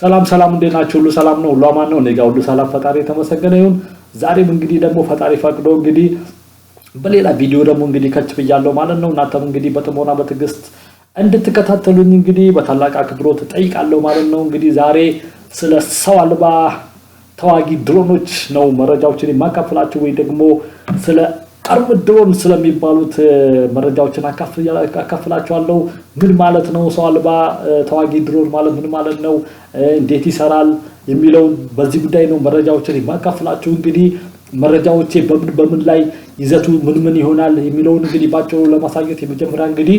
ሰላም ሰላም፣ እንዴት ናችሁ? ሁሉ ሰላም ነው፣ ሁሉ አማን ነው። እኔ ጋር ሁሉ ሰላም፣ ፈጣሪ የተመሰገነ ይሁን። ዛሬም እንግዲህ ደግሞ ፈጣሪ ፈቅዶ እንግዲህ በሌላ ቪዲዮ ደግሞ እንግዲህ ከች ብያለሁ ማለት ነው። እናንተም እንግዲህ በጥሞና በትዕግስት እንድትከታተሉኝ እንግዲህ በታላቅ አክብሮት ጠይቃለሁ ማለት ነው። እንግዲህ ዛሬ ስለ ሰው አልባ ተዋጊ ድሮኖች ነው መረጃዎችን የማካፍላችሁ ወይ ደግሞ ስለ ቀርብ ድሮን ስለሚባሉት መረጃዎችን አካፍላችኋለሁ። ምን ማለት ነው ሰው አልባ ተዋጊ ድሮን ማለት ምን ማለት ነው፣ እንዴት ይሰራል የሚለውን በዚህ ጉዳይ ነው መረጃዎችን የማካፍላችሁ። እንግዲህ መረጃዎቼ በምን በምን ላይ ይዘቱ ምን ምን ይሆናል የሚለውን እንግዲህ ባጭሩ ለማሳየት የመጀመሪያ እንግዲህ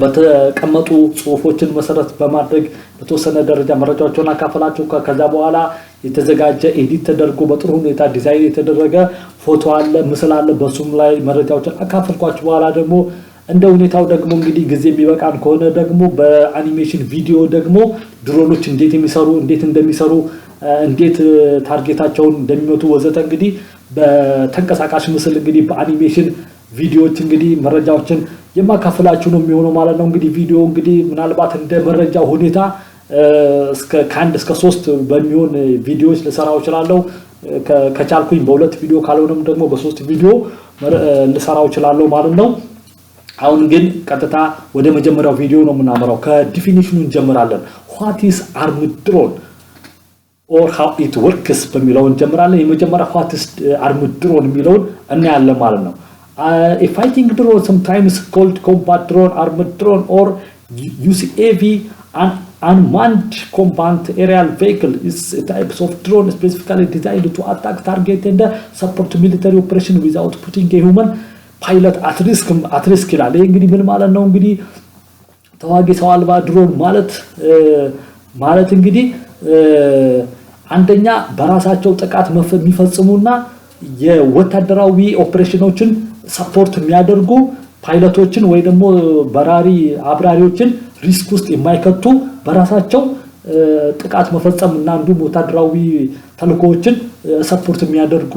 በተቀመጡ ጽሁፎችን መሰረት በማድረግ በተወሰነ ደረጃ መረጃዎችን አካፈላቸው ከዛ በኋላ የተዘጋጀ ኤዲት ተደርጎ በጥሩ ሁኔታ ዲዛይን የተደረገ ፎቶ አለ፣ ምስል አለ። በሱም ላይ መረጃዎችን አካፈልኳችሁ። በኋላ ደግሞ እንደ ሁኔታው ደግሞ እንግዲህ ጊዜ የሚበቃን ከሆነ ደግሞ በአኒሜሽን ቪዲዮ ደግሞ ድሮኖች እንዴት የሚሰሩ እንዴት እንደሚሰሩ እንዴት ታርጌታቸውን እንደሚመቱ ወዘተ እንግዲህ በተንቀሳቃሽ ምስል እንግዲህ በአኒሜሽን ቪዲዮዎች እንግዲህ መረጃዎችን የማካፍላችሁ ነው የሚሆነው ማለት ነው። እንግዲህ ቪዲዮ እንግዲህ ምናልባት እንደ መረጃ ሁኔታ ከአንድ እስከ ሶስት በሚሆን ቪዲዮዎች ልሰራው እችላለሁ። ከቻልኩኝ በሁለት ቪዲዮ ካልሆነም ደግሞ በሶስት ቪዲዮ ልሰራው እችላለሁ ማለት ነው። አሁን ግን ቀጥታ ወደ መጀመሪያው ቪዲዮ ነው የምናመራው። ከዲፊኒሽኑ እንጀምራለን። ዋት ኢዝ አርምድ ድሮን ኦር ሃው ኢት ወርክስ በሚለው እንጀምራለን። የመጀመሪያ ዋት ኢዝ አርምድ ድሮን የሚለውን እናያለን ማለት ነው። ፋይቲንግ ድሮን ሰምታይምስ ኮልድ ኮምባት ድሮን አርምድ ድሮን ኦር ዩሲኤቪ አን Unmanned combat aerial vehicle is a type of drone specifically designed to attack, target, and support military operation without putting a human ፓይለት አትሪስክ አትሪስክ ይላል። ይህ እንግዲህ ምን ማለት ነው? እንግዲህ ተዋጊ ሰው አልባ ድሮን ማለት ማለት እንግዲህ አንደኛ በራሳቸው ጥቃት የሚፈጽሙና የወታደራዊ ኦፕሬሽኖችን ሰፖርት የሚያደርጉ ፓይለቶችን ወይ ደግሞ በራሪ አብራሪዎችን ሪስክ ውስጥ የማይከቱ በራሳቸው ጥቃት መፈጸም እና እንዲሁም ወታደራዊ ተልእኮዎችን ሰፖርት የሚያደርጉ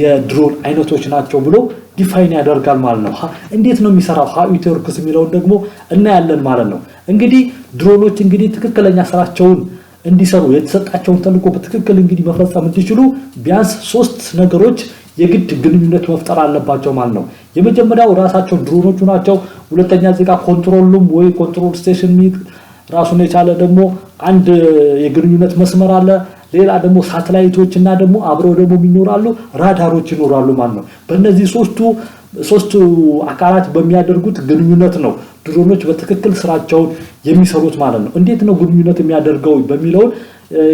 የድሮን አይነቶች ናቸው ብሎ ዲፋይን ያደርጋል ማለት ነው። እንዴት ነው የሚሰራው ሀዊት ወርክስ የሚለውን ደግሞ እናያለን ማለት ነው። እንግዲህ ድሮኖች እንግዲህ ትክክለኛ ስራቸውን እንዲሰሩ የተሰጣቸውን ተልእኮ በትክክል እንግዲህ መፈጸም እንዲችሉ ቢያንስ ሶስት ነገሮች የግድ ግንኙነት መፍጠር አለባቸው ማለት ነው። የመጀመሪያው ራሳቸው ድሮኖቹ ናቸው። ሁለተኛ ዜጋ ኮንትሮሉም ወይ ኮንትሮል ስቴሽን ራሱን የቻለ ደግሞ አንድ የግንኙነት መስመር አለ። ሌላ ደግሞ ሳተላይቶች እና ደግሞ አብረው ደግሞ የሚኖራሉ ራዳሮች ይኖራሉ ማለት ነው። በእነዚህ ሶስቱ ሶስቱ አካላት በሚያደርጉት ግንኙነት ነው ድሮኖች በትክክል ስራቸውን የሚሰሩት ማለት ነው። እንዴት ነው ግንኙነት የሚያደርገው በሚለውን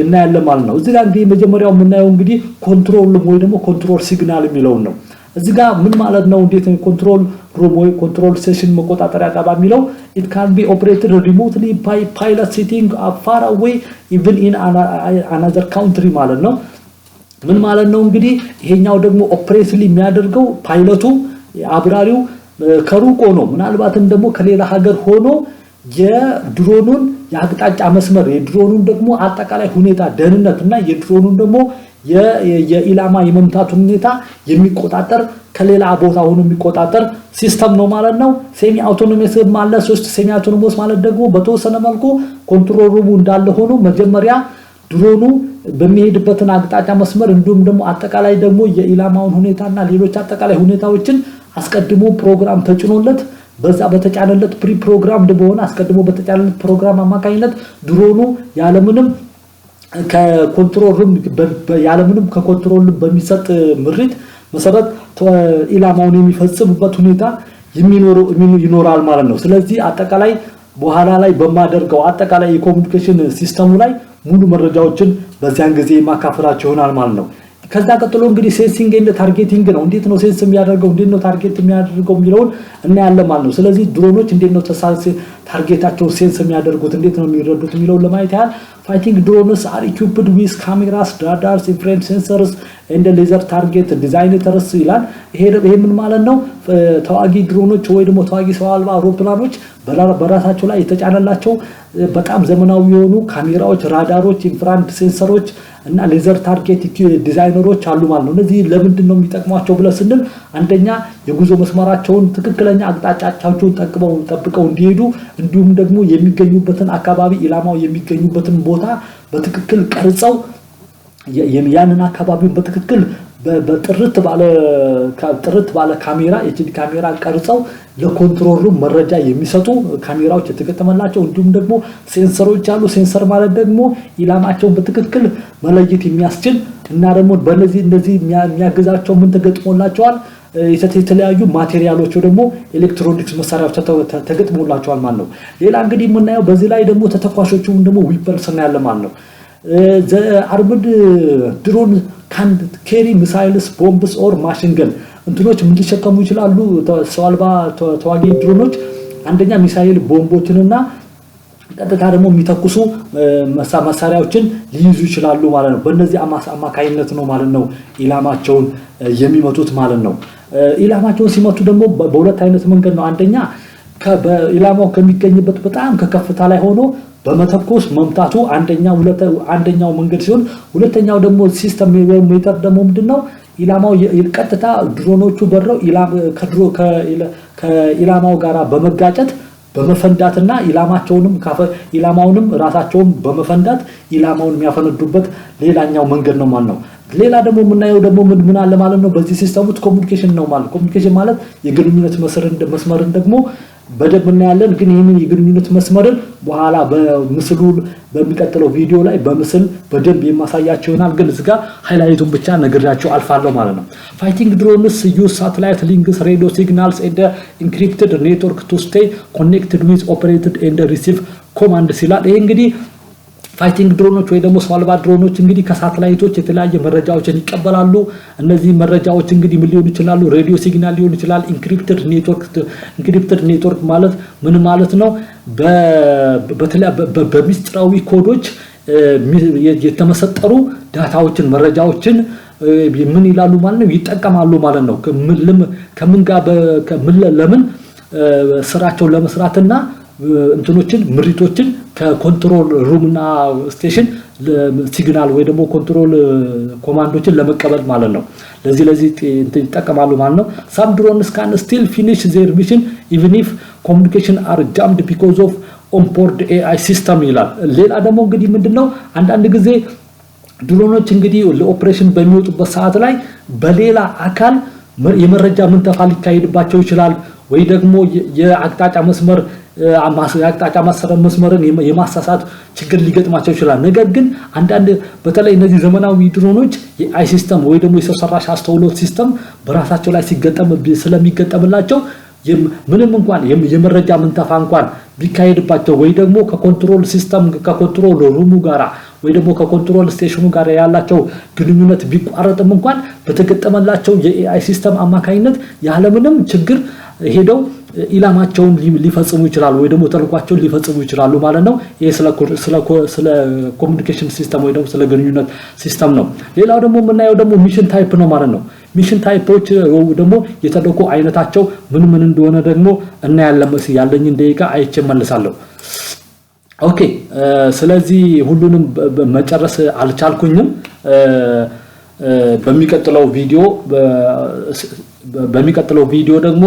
እናያለን ማለት ነው። እዚህ ጋር እንግዲህ መጀመሪያው የምናየው እንግዲህ ኮንትሮል ወይ ደግሞ ኮንትሮል ሲግናል የሚለውን ነው። እዚ ጋ ምን ማለት ነው እንዴት ኮንትሮል ሩም ወይ ኮንትሮል ሴሽን መቆጣጠሪያ ጋር የሚለው ኢት ካን ቢ ኦፕሬትድ ሪሞትሊ ባይ ፓይለት ሲቲንግ አፋር አዌይ ኢቭን ኢን አናዘር ካውንትሪ ማለት ነው ምን ማለት ነው እንግዲህ ይሄኛው ደግሞ ኦፕሬትሊ የሚያደርገው ፓይለቱ አብራሪው ከሩቅ ሆኖ ምናልባትም ደግሞ ከሌላ ሀገር ሆኖ የድሮኑን የአቅጣጫ መስመር የድሮኑን ደግሞ አጠቃላይ ሁኔታ ደህንነት እና የድሮኑን ደግሞ የኢላማ የመምታቱን ሁኔታ የሚቆጣጠር ከሌላ ቦታ ሆኖ የሚቆጣጠር ሲስተም ነው ማለት ነው። ሴሚ አውቶኖሚስ አለ። ሶስት ሴሚ አውቶኖሞስ ማለት ደግሞ በተወሰነ መልኩ ኮንትሮል ሩሙ እንዳለ ሆኖ መጀመሪያ ድሮኑ በሚሄድበትን አቅጣጫ መስመር እንዲሁም ደግሞ አጠቃላይ ደግሞ የኢላማውን ሁኔታና ሌሎች አጠቃላይ ሁኔታዎችን አስቀድሞ ፕሮግራም ተጭኖለት በዛ በተጫነለት ፕሪ ፕሮግራምድ በሆነ አስቀድሞ በተጫነለት ፕሮግራም አማካኝነት ድሮኑ ያለምንም ከኮንትሮልም ያለምንም ከኮንትሮል በሚሰጥ ምሪት መሰረት ኢላማውን የሚፈጽምበት ሁኔታ ይኖራል ማለት ነው። ስለዚህ አጠቃላይ በኋላ ላይ በማደርገው አጠቃላይ የኮሚኒኬሽን ሲስተሙ ላይ ሙሉ መረጃዎችን በዚያን ጊዜ የማካፈላቸው ይሆናል ማለት ነው። ከዛ ቀጥሎ እንግዲህ ሴንሲንግ ኤንድ ታርጌቲንግ ነው። እንዴት ነው ሴንስ የሚያደርገው? እንዴት ነው ታርጌት የሚያደርገው የሚለውን እናያለን ማለት ነው። ስለዚህ ድሮኖች እንዴት ነው ታርጌታቸው ሴንስ የሚያደርጉት? እንዴት ነው የሚረዱት የሚለውን ለማየት ያህል ፋይቲንግ ድሮንስ አር ኢኩፕድ ዊዝ ካሜራስ ራዳርስ ኢንፍራሬድ ሴንሰርስ ኤንድ ሌዘር ታርጌት ዲዛይነርስ ይላል። ይሄ ምን ማለት ነው? ተዋጊ ድሮኖች ወይ ደግሞ ተዋጊ ሰው አልባ አውሮፕላኖች በራሳቸው ላይ የተጫነላቸው በጣም ዘመናዊ የሆኑ ካሜራዎች፣ ራዳሮች፣ ኢንፍራሬድ ሴንሰሮች እና ሌዘር ታርጌት ዲዛይነሮች አሉ ማለት ነው። እነዚህ ለምንድን ነው የሚጠቅሟቸው ብለ ስንል አንደኛ የጉዞ መስመራቸውን ትክክለኛ አቅጣጫቸውን ጠቅበው ጠብቀው እንዲሄዱ እንዲሁም ደግሞ የሚገኙበትን አካባቢ ኢላማው የሚገኙበትን ቦታ በትክክል ቀርጸው ያንን አካባቢውን በትክክል በጥርት ባለ ጥርት ባለ ካሜራ ኤችዲ ካሜራ ቀርጸው ለኮንትሮል ሩም መረጃ የሚሰጡ ካሜራዎች የተገጠመላቸው እንዲሁም ደግሞ ሴንሰሮች አሉ። ሴንሰር ማለት ደግሞ ኢላማቸውን በትክክል መለየት የሚያስችል እና ደግሞ በነዚህ እነዚህ የሚያግዛቸው ምን ተገጥሞላቸዋል? የተለያዩ ማቴሪያሎች ደግሞ ኤሌክትሮኒክስ መሳሪያዎች ተገጥሞላቸዋል ማለት ነው። ሌላ እንግዲህ የምናየው በዚህ ላይ ደግሞ ተተኳሾቹም ደግሞ ዊፐርስ እናያለን ማለት ነው። አርምድ ድሮን ካን ኬሪ ሚሳይልስ ቦምብስ ኦር ማሽንገን እንትኖች ምን ሊሸከሙ ይችላሉ? ሰው አልባ ተዋጊ ድሮኖች አንደኛ ሚሳይል ቦምቦችንና ቀጥታ ደግሞ የሚተኩሱ መሳሪያዎችን ሊይዙ ይችላሉ ማለት ነው። በእነዚህ አማካይነት ነው ማለት ነው ኢላማቸውን የሚመቱት ማለት ነው። ኢላማቸውን ሲመቱ ደግሞ በሁለት አይነት መንገድ ነው። አንደኛ ኢላማው ከሚገኝበት በጣም ከከፍታ ላይ ሆኖ በመተኮስ መምታቱ አንደኛው አንደኛው መንገድ ሲሆን፣ ሁለተኛው ደግሞ ሲስተም ሜተድ ደግሞ ምንድን ነው? ኢላማው ቀጥታ ድሮኖቹ በረው ከኢላማው ጋር በመጋጨት በመፈንዳትና ኢላማቸውንም ኢላማውንም ራሳቸውን በመፈንዳት ኢላማውን የሚያፈነዱበት ሌላኛው መንገድ ነው ማለት ነው። ሌላ ደግሞ የምናየው ደግሞ ምን አለ ማለት ነው በዚህ ሲስተም ውስጥ ኮሚኒኬሽን ነው ማለት ኮሚኒኬሽን ማለት የግንኙነት መስመርን ደግሞ በደንብ እናያለን። ግን ይህንን የግንኙነት መስመርን በኋላ በምስሉ በሚቀጥለው ቪዲዮ ላይ በምስል በደንብ የማሳያቸው ይሆናል። ግን እዚጋ ሃይላይቱን ብቻ ነግሬያቸው አልፋለሁ ማለት ነው። ፋይቲንግ ድሮንስ ዩዝ ሳተላይት ሊንክስ ሬዲዮ ሲግናልስ ኤንድ ኢንክሪፕትድ ኔትወርክ ቱ ስቴይ ኮኔክትድ ዊዝ ኦፕሬትድ ኤንድ ሪሲቭ ኮማንድ ሲላል ይህ እንግዲህ ፋይቲንግ ድሮኖች ወይ ደግሞ ሰው አልባ ድሮኖች እንግዲህ ከሳተላይቶች የተለያየ መረጃዎችን ይቀበላሉ። እነዚህ መረጃዎች እንግዲህ ምን ሊሆኑ ይችላሉ? ሬዲዮ ሲግናል ሊሆን ይችላል። ኢንክሪፕትድ ኔትወርክ ኢንክሪፕትድ ኔትወርክ ማለት ምን ማለት ነው? በሚስጥራዊ ኮዶች የተመሰጠሩ ዳታዎችን መረጃዎችን ምን ይላሉ ማለት ነው ይጠቀማሉ ማለት ነው። ከምን ጋር ለምን ስራቸው ለመስራትና እንትኖችን ምሪቶችን ከኮንትሮል ሩምና ስቴሽን ሲግናል ወይ ደግሞ ኮንትሮል ኮማንዶችን ለመቀበል ማለት ነው። ለዚህ ለዚህ ይጠቀማሉ ማለት ነው። ሳም ድሮንስ ካን ስቲል ፊኒሽ ዜር ሚሽን ኢቭን ኢፍ ኮሚኒኬሽን አር ጃምድ ቢኮዝ ኦፍ ኦንቦርድ ኤአይ ሲስተም ይላል። ሌላ ደግሞ እንግዲህ ምንድነው አንዳንድ ጊዜ ድሮኖች እንግዲህ ለኦፕሬሽን በሚወጡበት ሰዓት ላይ በሌላ አካል የመረጃ ምንተፋ ሊካሄድባቸው ይችላል ወይ ደግሞ የአቅጣጫ መስመር ማሰረ መስመርን የማሳሳት ችግር ሊገጥማቸው ይችላል። ነገር ግን አንዳንድ በተለይ እነዚህ ዘመናዊ ድሮኖች የአይ ሲስተም ወይ ደግሞ የሰው ሰራሽ አስተውሎት ሲስተም በራሳቸው ላይ ስለሚገጠምላቸው ምንም እንኳን የመረጃ ምንተፋ እንኳን ቢካሄድባቸው ወይ ደግሞ ከኮንትሮል ሲስተም ከኮንትሮል ሩሙ ጋራ ወይ ደግሞ ከኮንትሮል ስቴሽኑ ጋር ያላቸው ግንኙነት ቢቋረጥም እንኳን በተገጠመላቸው የኤአይ ሲስተም አማካኝነት ያለምንም ችግር ሄደው ኢላማቸውን ሊፈጽሙ ይችላሉ ወይ ደግሞ ተልኳቸውን ሊፈጽሙ ይችላሉ ማለት ነው። ይሄ ስለ ኮሚኒኬሽን ሲስተም ወይ ደግሞ ስለ ግንኙነት ሲስተም ነው። ሌላው ደግሞ የምናየው ደግሞ ሚሽን ታይፕ ነው ማለት ነው። ሚሽን ታይፖች ደግሞ የተልእኮ አይነታቸው ምን ምን እንደሆነ ደግሞ እናያለን። ያለኝን ደቂቃ አይቼ መልሳለሁ። ኦኬ፣ ስለዚህ ሁሉንም መጨረስ አልቻልኩኝም። በሚቀጥለው ቪዲዮ በሚቀጥለው ቪዲዮ ደግሞ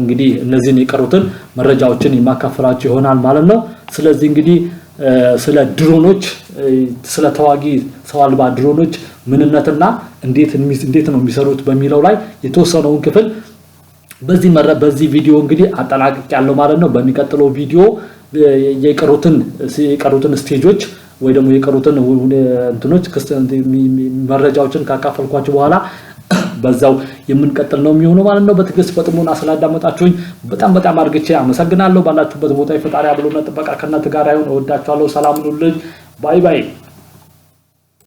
እንግዲህ እነዚህን የቀሩትን መረጃዎችን የማካፈላቸው ይሆናል ማለት ነው። ስለዚህ እንግዲህ ስለ ድሮኖች ስለ ተዋጊ ሰው አልባ ድሮኖች ምንነትና እንዴት ነው የሚሰሩት በሚለው ላይ የተወሰነውን ክፍል በዚህ በዚህ ቪዲዮ እንግዲህ አጠናቅቅ ያለው ማለት ነው። በሚቀጥለው ቪዲዮ የቀሩትን የቀሩትን ስቴጆች ወይ ደግሞ የቀሩትን እንትኖች መረጃዎችን ካካፈልኳቸው በኋላ በዛው የምንቀጥል ነው የሚሆነው ማለት ነው። በትዕግስት በጥሞና ስላዳመጣችሁኝ በጣም በጣም አድርግቼ አመሰግናለሁ። ባላችሁበት ቦታ የፈጣሪ አብሮነት ጥበቃ ከእናንተ ጋር ይሁን። እወዳችኋለሁ። ሰላም ሁኑልኝ። ባይ ባይ